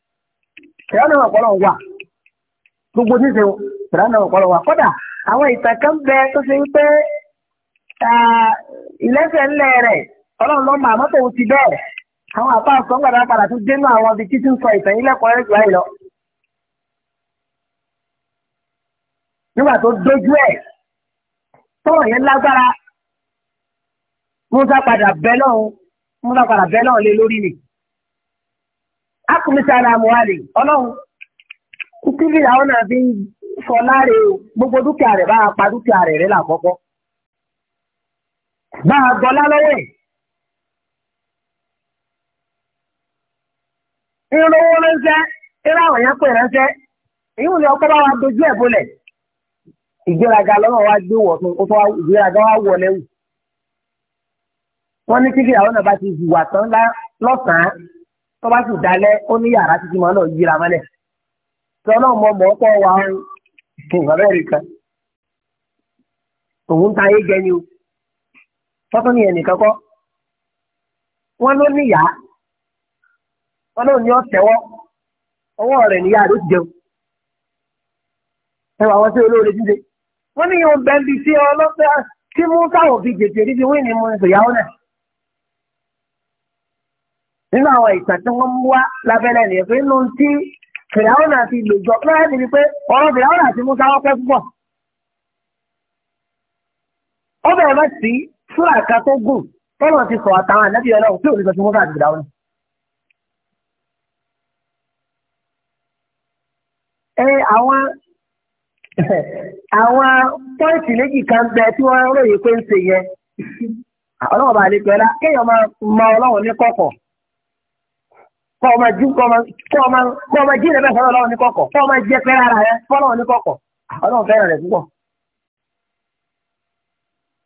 ṣẹ̀dá náà ọ̀pọ̀lọ̀ wà gbogbo níṣẹ́ ṣẹ̀dá náà ọ̀pọ̀lọ̀ wà kódà àwọn ìtàn kan bẹ tó ṣe ń pé ìlẹ́sẹ̀ ńlẹ̀ rẹ̀ ọlọ́run lọ́mọ àmọ́ tòun ti bẹ́ẹ̀ àwọn àbá sọ́ngbàdá padà tún dénú àwọn ibi títí ń sọ ìtàn yín lẹ́kọ̀ọ́ rẹ̀ jù láì lọ. nígbà tó dójú ẹ̀ tọ́rọ̀ yẹn lágbára Musa padà bẹ́ náà Musa padà bẹ́ náà lé lórí nìyí akùnmísà ara muhari ọlọ́run kúkú bí làwọn náà fi ń sọ láre o gbogbo dúkìá rẹ̀ bá a pa dúkìá rẹ̀ rẹ̀ làkọ́kọ́ bá a gbọ́lá lọ́wọ́ ẹ̀. ìrówó ránṣẹ́ ìrá àwọn yẹn pè ránṣẹ́ ìyóò ní ọkọ bá wa dojú ẹ̀ bolẹ̀ ìgbéraga lọ́wọ́ wa gbé wọ̀ fún ó tó ìgbéraga wa wọ̀ lẹ́wù wọ́n ní kíkì àwọn náà bá ti hùwà tán lọ́sàn-án. tó bá sì dalẹ̀ ó ní yàrá títí mọ́ náà yíra mọ́lẹ̀ tó náà mọ mọ́ pọ̀ wá ń nǹkan bẹ́ẹ̀ rí kan òun ta ayé jẹ ni o tọ́tún nìkan kọ́ wọ́n ló níyà wọ́n ní ọwọ́ rẹ̀ níyà ló ti jẹun wọn sí olóore jíde wọ́n ní ìhun bẹ́ẹ̀ ni mo ń náà. nínú àwọn ìtàn tí wọ́n mú wá lábẹ́lẹ̀ nìyẹn pé nínú tí fìràwọ́n àti ìlòjọ lọ́wọ́ ti di pé ọ̀rọ̀ fìràwọ́n àti musa wọ́n pẹ́ púpọ̀. ó bẹ̀rẹ̀ bá sí súrà kan tó gùn tọ́lọ̀ ti sọ àtàwọn ọlọ́run tí òní sọ sí musa àti fìràwọ́n. ẹ àwọn àwọn méjì kan tí wọ́n pé ń ṣe yẹn ọlọ́run bá kọ́ jí rẹ̀ bẹ́ẹ̀ fọ́lọ́wọ́ ní kọ̀kọ̀ kọ́ ọmọ ara rẹ̀ fọ́lọ́wọ́ ní kọ̀kọ̀ ọlọ́run fẹ́ràn rẹ̀ púpọ̀.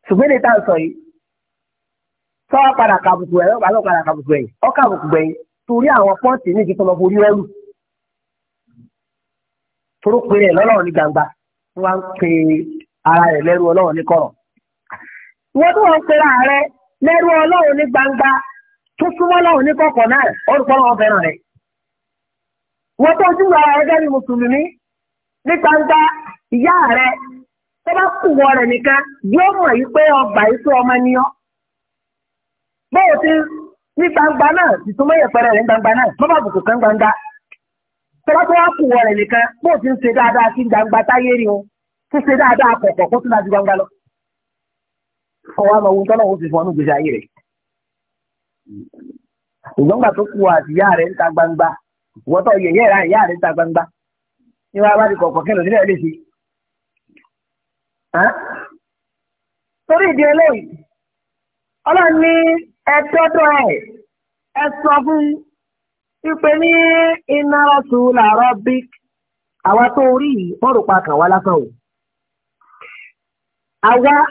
ṣùgbọ́n ní táà yìí sọ́wọ́ padà kàbùkù ẹ̀ padà kàbùkù ẹ̀ ọ́ kàbùkù gbẹ̀yìn torí àwọn pọ́ǹtì ní ìjísọ́mọ pe rẹ̀ lọ́lọ́run ní ara rẹ̀ lẹ́rú ọlọ́run ní wọ́n ara rẹ̀ lẹ́rú ọlọ́run gbangba tó súnmọ́ láwọn oníkọ̀ọ̀kọ̀ náà orúkọ wọn fẹ́ràn rẹ̀. wọ́n tó ojú ara ẹgbẹ́ ni mùsùlùmí ní gbangba ìyá rẹ̀ tó bá kù wọ rẹ̀ nìkan yóò mọ̀ yí pé ọgbà yìí tó ọmọ níyàn. bóò ti ní gbangba náà ìtumọ̀ ìyẹ̀pẹ̀rẹ̀ rẹ̀ ní gbangba náà bọ́ bá bùkù kan gbangba. tó bá tó wá kù wọ rẹ̀ nìkan bóò ti ń ṣe dáadáa sí gbangba táyé rí o tó ṣe dáadáa kọ̀ọ̀kọ̀ kó tún láti gbangba lọ. ọwọ́ àmọ̀ ṣùgbọ́n gbà tó kú àti ìyá rẹ̀ gbangba wọ́n tó yẹ ìyá rẹ̀ gbangba ní wàá bá di kọ̀ọ̀kan kí nílẹ̀ lè torí ìdí eléyìí ọlọ́run ní ẹ ẹ̀ ẹ sọ fún ní iná ọ̀tún tó rí pa lásán o.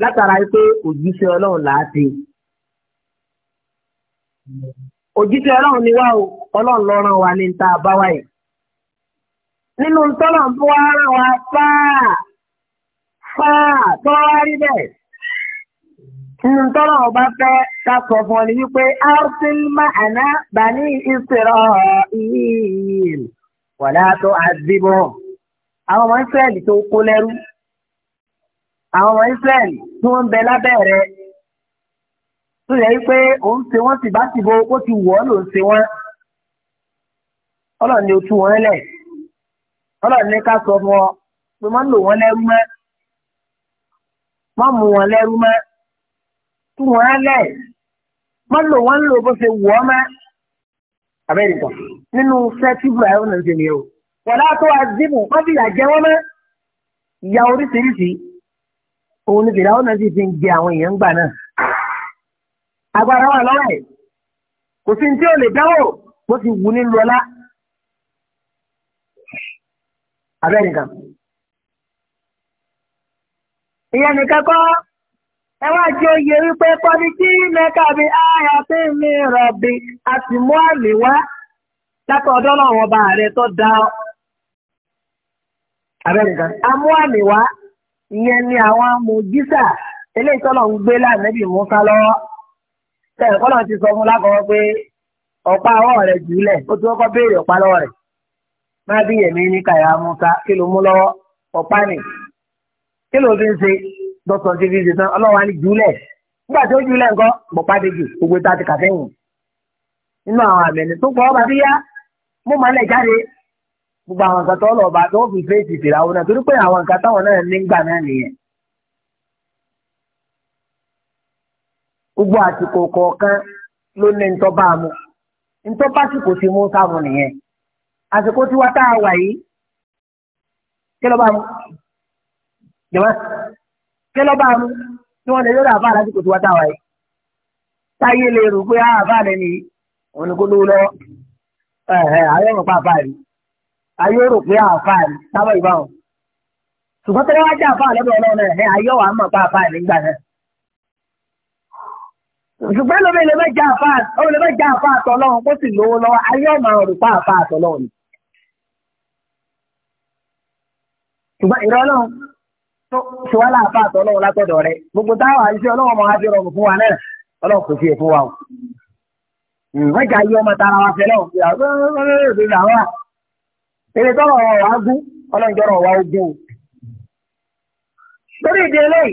látara pé òjíṣẹ́ ọlọ́run ti. òjíṣẹ́ ọlọ́run ni wá o ọlọ́run ló rán wa ní ta báwa yìí nínú tọ́lọ̀ ń bọ́ ara wa fáà fáà tọ́ wá rí bẹ́ẹ̀ nínú tọ́lọ̀ ọba fẹ́ ká sọ fún ọ ní wípé arsil ma'ana bani Isra'il wala tu'adhibu àwọn ọmọ Ísírẹ́lì tó kó lẹ́rú àwọn ọmọ Ísírẹ́lì tó ń bẹ lábẹ́ rẹ̀ tó yẹ pé òun ṣe wọ́n ti bá ti bo ó ti wọ̀ ọ́ ló ń ṣe wọ́n ọlọ́run o tú wọn lẹ̀ ọlọ́run ní ká sọ fún ọ pé má lò wọ́n lẹ́rú mọ́ má mú wọn lẹ́rú mọ́ tú wọn lẹ̀ má lò wọ́n lò bó ṣe wọ̀ ọ́ mọ́ nínú fẹ́tíbù ẹ̀rọ náà ṣe ni o wọ̀lá tó wá dìbò wọ́n fi yà jẹ́ wọ́n mọ́ ìyá oríṣiríṣi òun ni fìlà ọ̀nà sì fi ń jẹ àwọn èèyàn gbà náà agbára wà lọ́wọ́ ẹ̀ kò sí ní tí ò lè dáwọ́ bó ti wù ní lọ́lá abẹ́rẹ́ nǹkan. ìyẹn nìkan kọ́ ẹ wá jẹ́ oyè wípé pọ́ni tí mẹ́ka bíi àyà mi rọ̀bì àti mú àmì wá látọ̀dọ́ náà wọn bá rẹ tó da ọ́. abẹ́rẹ́ nǹkan amú wá ìyẹn ni àwọn amòjísà eléyìí tọ́lọ̀ ń gbé láàmì bí mú tẹ̀lé kọ́lọ̀ ti sọ fún lákọ̀ọ́ pé ọ̀pá ọwọ́ rẹ̀ jùlẹ̀ ó ti kọ́kọ́ béèrè ọ̀pá lọ́wọ́ rẹ̀ má bí yẹ̀mí ní kàyà musa kí ló mú lọ́wọ́ ọ̀pá nì kí ló fi ń ṣe dọ́tọ̀ ti fi ṣe tán ọlọ́wọ́ á ní nígbà tí ó jùlẹ̀ nǹkan bọ̀pá dèjì gbogbo ta ti nínú àwọn àmẹ́ni tó ọba yá mú màálẹ̀ jáde gbogbo gbogbo àsìkò kọ̀ọ̀kan ló ní ntọ́ba mu ntọ́ba sì kò sí mú sáàmù nìyẹn àsìkò tí wá tá a wà yìí kí ló bá mu jọba kí ló bá mu tí wọ́n lè lórí àbá àlásìkò tí wá tá a wà yìí táyé lè rò pé ah, àbá rẹ ni òun ni kó lówó lọ́wọ́ ayé rò pé ah, àbá rí ayé pé àbá sábà ìbáwọn ṣùgbọ́n tẹ́lẹ̀ wá jẹ́ àbá lọ́dọ̀ náà ayé wàá ṣùgbọ́n lómi lè mẹ́ já àfa ọ lè mẹ́ kó sì lówó lọ́wọ́ ayé ọ̀mà òrùpa àfa àtọ̀lọ́run ni. ṣùgbọ́n ìrọ̀ ọlọ́run tó ṣe wá láàfa àtọ̀lọ́run látọ̀dọ̀ rẹ gbogbo táwọn àìsí ọlọ́run máa fi rọrùn fún wa náà ọlọ́run kò wa o. Hmm, ayé ọmọ tara wa fẹ́ ọlọ́run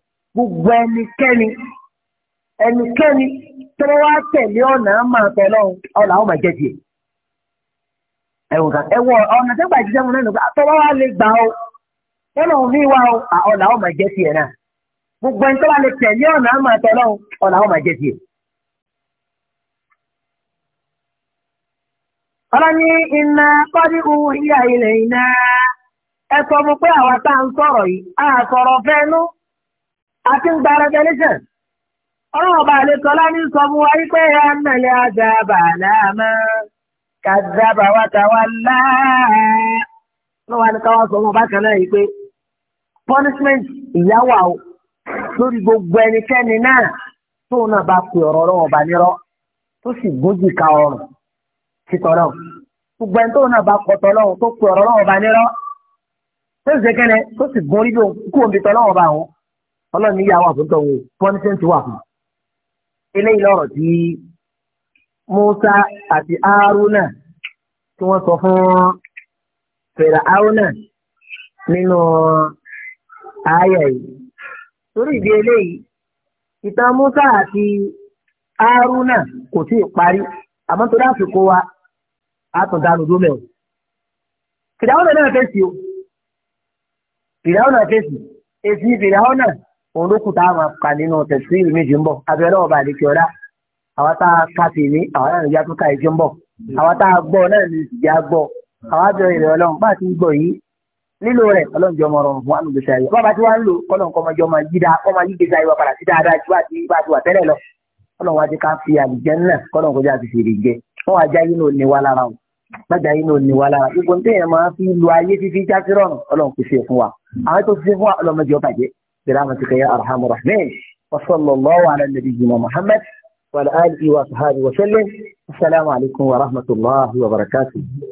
gbogbo ẹnikẹ́ni ẹnikẹ́ni tó wá tẹ̀lé ọ̀nà máa tẹ̀lé ọ̀nà àwọn màjẹ́ tiẹ̀. ẹ̀wọ̀ ọ̀nà tó gbà jíjẹ́ mu náà nígbà tó wá lè gbà ó tọ́lọ̀ wa ó náà. gbogbo ẹni tó wá lè tẹ̀lé ọ̀nà máa tẹ̀lé ọ̀nà àwọn màjẹ́ tiẹ̀. ọ̀rọ̀ ní iná kọ́rí ohun ìyá ilẹ̀ àti ń gba revelation ọ̀rọ̀ ọba àlekọ́lá ní sọ fún wa wípé ẹ̀ẹ́nàlẹ́ àjà bàálà mọ́ kàdábà wa tàwa láàá ní ní sọ wọn náà pé punishment ìyáwà o lórí gbogbo ẹnikẹ́ni náà tóun náà bá ọrọ ọ̀rọ̀ ọ̀rọ̀ ọba nírọ́ tó sì gbójì ka ọrùn títọ́ náà gbogbo ẹni náà bá lọ́wọ́ tó ọ̀rọ̀ ọ̀rọ̀ ọba ọlọ́run ní ìyá wà fún tọ̀hún pọ́nísẹ́ǹtì wà fún. eléyìí lọ́rọ̀ tí Musa àti Aruna tí wọ́n sọ fún fèrè Haruna nínú ààyè yìí. torí ìdí eléyìí ìtàn Musa àti Aruna kò tí ì parí àmọ́ torí àsìkò wa àtúndánù dúmẹ̀ o. fìdáwọ́nà náà fèsì o fìdáwọ́nà fèsì èsì fìdáwọ́nà òun ló kù tá a máa kà nínú tẹ̀sí ìlú méjì ń bọ̀ abẹ́rẹ́ ọba àdìkì ọ̀dà àwa tá a kà sí ní àwa náà nìyá tó ká ìjọ ń bọ̀ àwa tá a gbọ́ náà ní ìyá gbọ́ àwa bẹ̀rẹ̀ ìrẹ̀ ọlọ́run bá a ti ń gbọ́ yìí lílo rẹ̀ ọlọ́run jọmọ rọrùn fún àlùbí sáré bàbá tí wàá ń lò ọlọ́run kọ́ ọmọ yídá ọmọ yídé sáré wa padà sí dáadáa ju àti bá a ti gbàgbà yìí ló ní wa lára gbogbo ní máa fi lu ayé fífi jákèrọ̀nù ọlọ́run kò ṣe fún wa àwọn tó ṣe fún wa ọlọ́mọdé ọbàjẹ́ برحمتك يا أرحم الراحمين وصلى الله على نبينا محمد وعلى آله وصحبه وسلم السلام عليكم ورحمة الله وبركاته